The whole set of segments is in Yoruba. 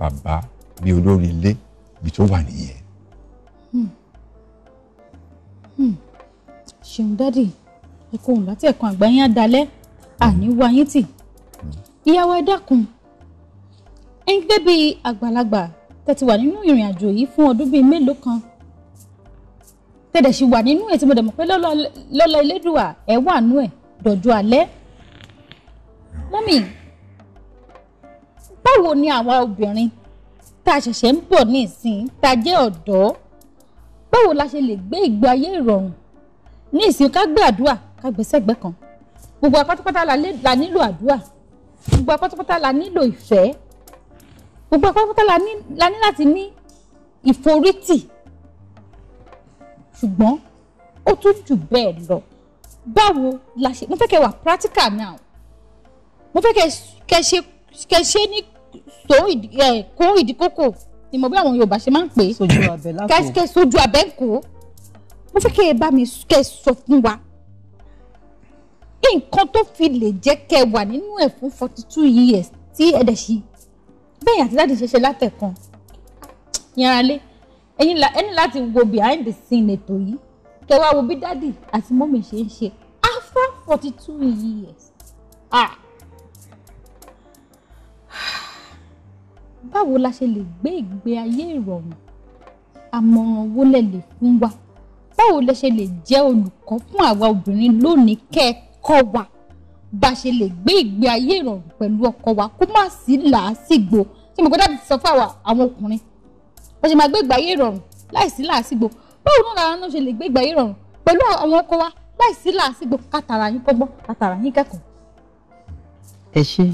bàbá bí olórí ilé ibi tó wà nìyẹn. Hmm. Hmm. ṣeun dádì ẹkọ òun láti ẹ̀kan àgbà yín adalẹ àní wá yín tì ìyàwó ẹ dákun ẹ ń gbé bí àgbàlagbà tẹ̀tí wà nínú ìrìn àjò yìí fún ọdún bíi mélòó kan tẹ̀dẹ̀ wà nínú ẹ̀ tí mo dẹ̀ pé lọ́lọ́ Elédùà ẹ̀ wà nú ẹ̀ dọ̀jú alẹ́ mọ́mì báwo ni àwa obìnrin tá a ṣẹ̀ṣẹ̀ ń bọ̀ ní ìsìn tá a jẹ́ ọ̀dọ́ báwo la ṣe lè gbé ìgbé ayé ìrọ̀rùn ní ìsìn ká gbé àdúrà ká gbé sẹ́gbẹ́ kan gbogbo apátápátá la nílò àdúrà gbogbo apátápátá la nílò ìfẹ́ gbogbo apátápátá la ní láti ní ìforítì ṣùgbọ́n ó tún jù bẹ́ẹ̀ lọ báwo la ṣe mo fẹ́ kẹ́ wà practical now mo fẹ́ kẹ́ ṣe kẹ ṣe ní kó ìdíkókò ni mo bí àwọn Yorùbá ṣe máa ń pè é kẹ sojú abẹ́ kó mo fẹ́ kẹ́ ẹ bá mi kẹ́ ẹ sọ fún wa nǹkan tó fi lè jẹ́ kẹ́ ẹ wà nínú ẹ̀ fún forty two years tí ẹ dẹ̀ ṣe bẹ́ẹ̀ àti láti ṣẹṣẹ látẹ̀kan yanralé ẹni láti wo behind the scene ètò yìí kẹ́ wá wo bí dádì àti mọ́mì ṣe ń ṣe after forty two years. Ah. báwo la ṣe lè gbé ìgbé ayé ìrọ̀rùn àmọ̀ràn wo lẹ lè fún wa báwo lẹ ṣe lè jẹ́ olùkọ́ fún àwa obìnrin lónìí kẹ́ẹ̀kọ́ wa bá ṣe lè gbé ìgbé ayé ìrọ̀rùn pẹ̀lú ọkọ wa kó má sí làásìgbò tí mo gbọ́dọ̀ ti sọ fún àwọn ọkùnrin bá ṣe máa gbé ìgbé ayé ìrọ̀rùn láìsí làásìgbò báwo náà làwọn náà ṣe lè gbé ìgbé ayé ìrọ̀rùn pẹ̀lú àwọn ọkọ wa láìsí làásìgbò kátàrà yín kọ́gbọ́n kátàrà yín kẹ́kọ̀ọ́. ẹ ṣe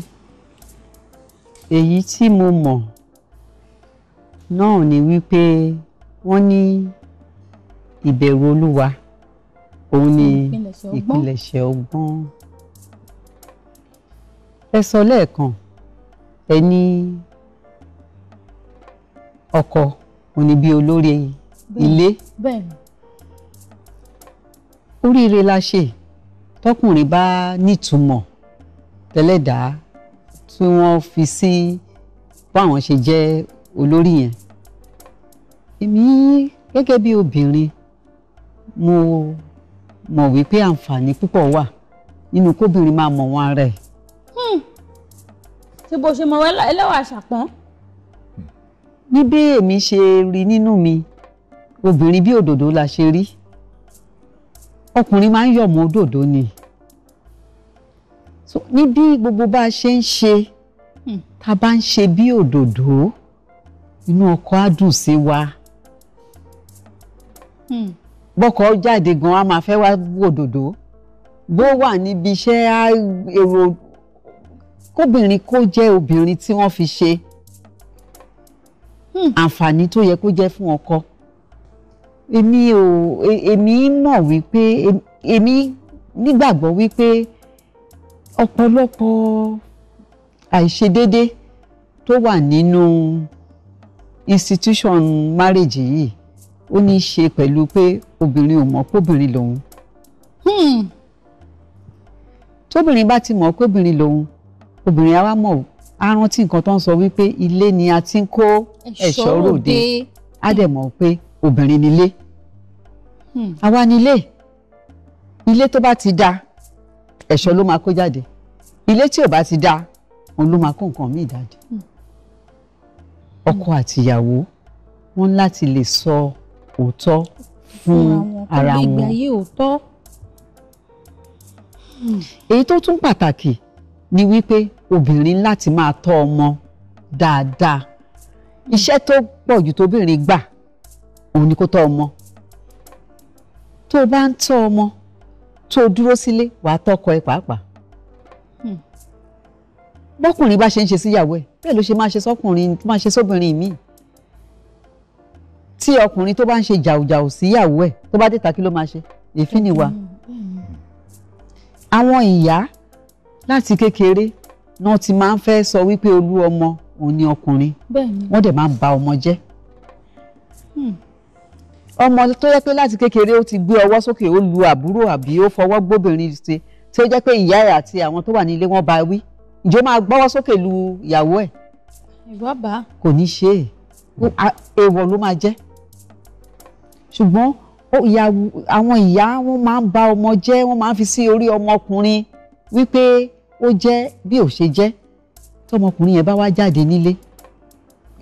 èyí tí mo mọ̀ náà ni wípé wọ́n ní ìbẹ̀rù olúwa òun ni ìpilẹ̀ṣẹ̀ ọgbọ́n ẹ sọ lẹ́ẹ̀kan ẹ ní ọkọ òun ni bí olórí ilé oríire la ṣe tọkùnrin bá nítumọ̀ tẹ́lẹ̀dàá tí wọ́n fi sí báwọn ṣe jẹ́ olórí yẹn èmi gẹ́gẹ́ bí obìnrin mo mọ̀ wípé àǹfààní púpọ̀ wà nínú kóbìnrin máa mọ̀ wọn rẹ̀. Hmm. ṣé bó ṣe mọ ẹlẹ́wà ṣàpọ́n. ní bí èmi ṣe rí nínú mi obìnrin bí òdòdó la ṣe rí ọkùnrin máa ń yọ̀ mọ́ òdòdó ni. Hmm so ní bí gbogbo bá a ṣe ń ṣe hmm. tá a bá ń ṣe bí òdòdó inú ọkọ á dùn sí wa hmm. bọ́kọ jáde gan a máa fẹ́ wá òdòdó bó wà níbi iṣẹ́ èrò kóbìnrin kó jẹ́ obìnrin tí wọ́n fi ṣe hmm. àǹfààní tó yẹ kó jẹ́ fún ọkọ èmi ò èmi mọ̀ wípé èmi nígbàgbọ́ wípé. E, ọ̀pọ̀lọpọ̀ àìṣedéédé tó wà nínú institution marriage yìí ó ní í ṣe pẹ̀lú pé obìnrin ò mọ̀ kóbìnrin lòun hmm. tóbìnrin bá ti mọ̀ kóbìnrin lòun obìnrin á wá mọ̀ á rántí nǹkan tó ń sọ wípé ilé ni a ti ń kó ẹ̀ṣọ́ ròde á dẹ̀ mọ̀ pé obìnrin nílé hmm. àwa nílé ilé tó bá ti dáa ẹ̀ṣọ́ ló máa kó jáde ilé tí ò bá ti dá òun ló máa kó nǹkan míì jáde hmm. ọkọ àtìyàwó wọn láti lè sọ òótọ́ fún ara wọn hmm. èyí tó tún pàtàkì ni wípé obìnrin láti máa tọ́ ọmọ dáadáa iṣẹ́ tó pọ̀ jù tóbìnrin gbà òun ni kó tọ́ ọmọ tó o bá ń tọ́ ọmọ tó o dúró sílé wàá tọkọ ẹ pàápàá hmm. bọ́kùnrin bá ṣe ń ṣe síyàwó ẹ̀ bẹ́ẹ̀ ló ṣe máa ṣe sọ́kùnrin tó máa ṣe sóbìnrin míì tí ọkùnrin tó bá ń ṣe jàùjàù síyàwó ẹ̀ tó bá dìtà kí ló máa ṣe èéfín ni wa. àwọn ìyá láti kékeré náà ti máa ń fẹ́ sọ wípé olú ọmọ òun ni ọkùnrin wọ́n dẹ̀ máa ń ba ọmọ jẹ́. Hmm ọmọ tó yẹ pé láti kékeré ó ti gbé ọwọ́ sókè ó lu àbúrò àbí ó fọwọ́ gbóbìnrin ṣe tí ó jẹ́ pé ìyá ẹ̀ àti àwọn tó wà nílé wọn bá wí ǹjẹ́ ó máa gbọ́wọ́ sókè lu ìyàwó ẹ̀. ìwọ bá. kò ní ṣe é èèwọ̀ ló máa jẹ́ ṣùgbọ́n àwọn ìyá wọn máa ń ba ọmọ jẹ́ wọ́n máa ń fi sí orí ọmọkùnrin wípé ó jẹ́ bí ò ṣe jẹ́ tọmọkùnrin yẹn bá wá jáde nílé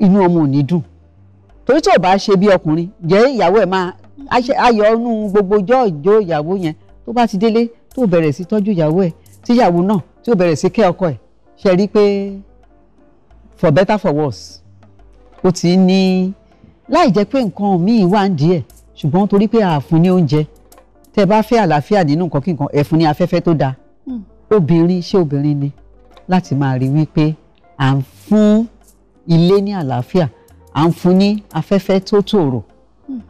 inú ọmọ ò ní dùn torí tó bá ṣe bí ọkùnrin jẹ́ ìyàwó ẹ̀ máa ayọ̀ ọ̀nù gbogbo jọ́ọ̀jọ́ ìyàwó yẹn tó bá ti délé tó bẹ̀rẹ̀ sí tọ́jú ìyàwó ẹ̀ tíyàwó náà tí ó bẹ̀rẹ̀ sí kẹ́ ọkọ ẹ̀ ṣe rí pé for better for worse ó ti ní láì jẹ́ pé nǹkan míì wà ń díẹ̀ ṣùgbọ́n torí pé ààfun ní oúnjẹ tẹ́ bá fẹ́ àlàáfíà nínú nǹkan kí nǹkan ẹ̀fun ní afẹ́fẹ́ tó dáa hmm. obìnrin ṣé obìnrin ni láti máa rí wípé à ń fún ilé ní àlàáfíà à ń fún ní afẹ́fẹ́ tó tòrò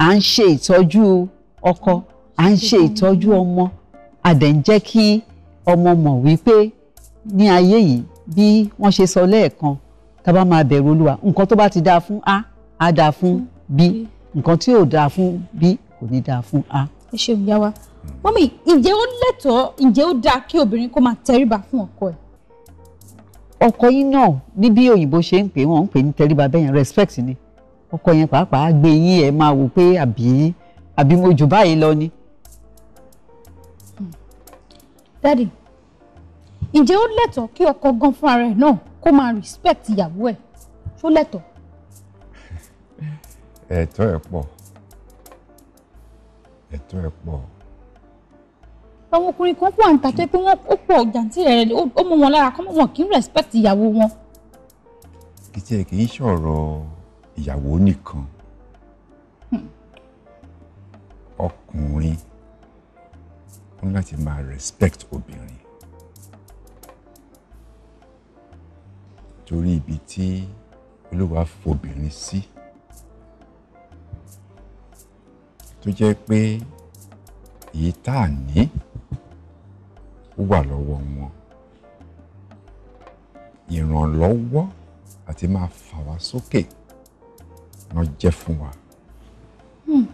à ń ṣe ìtọ́jú ọkọ à ń ṣe ìtọ́jú ọmọ a dẹ̀ ń jẹ́ kí ọmọ mọ̀ wípé ní ayé yìí bí wọ́n ṣe sọ lẹ́ẹ̀kan tá a bá máa bẹ̀rù olúwa nǹkan tó bá ti dáa fún a á dáa fún b nǹkan tí ò dáa fún b kò ní dáa fún a. ẹ ṣeun yá wa mọ́mí ǹjẹ́ ó lẹ́tọ̀ọ́ ǹjẹ́ ó dáa kí obìnrin kó máa tẹríba fún ọkọ ẹ̀ ọkọ yín náà ní bí òyìnbó ṣe ń pè wọ́n ń pè ní tẹríba bẹ́yẹn respect ni ọkọ yẹn pàápàá gbé yín ẹ máa wò pé àbí àbí mo jù báyìí lọ ni. dádì ǹjẹ́ ó lẹ́tọ̀ọ́ kí ọkọ gan fúnra rẹ̀ náà kó máa respect ìyàwó ẹ̀ ṣó lẹ́tọ̀ọ́. ẹ̀tọ́ ẹ̀ pọ̀ ẹ̀tọ́ ẹ̀ pọ̀ àwọn ọkùnrin kan wà níta tó pé wọ́n ó pọ̀ jàǹtí rẹ̀ ó mú wọn lára kọ́mọ́ wọn kì í respect ìyàwó wọn. kì í tiẹ̀ kì í ṣọ̀rọ̀ ìyàwó nìkan hmm. ọkùnrin ó ní láti máa respect obìnrin torí ibi tí olúwa fobìnrin sí tó jẹ́ pé èyí tá a ní wà lọ́wọ́ wọn ìrànlọ́wọ́ àti máa fà wá sókè wọ́n jẹ́ fún wa. Hmm.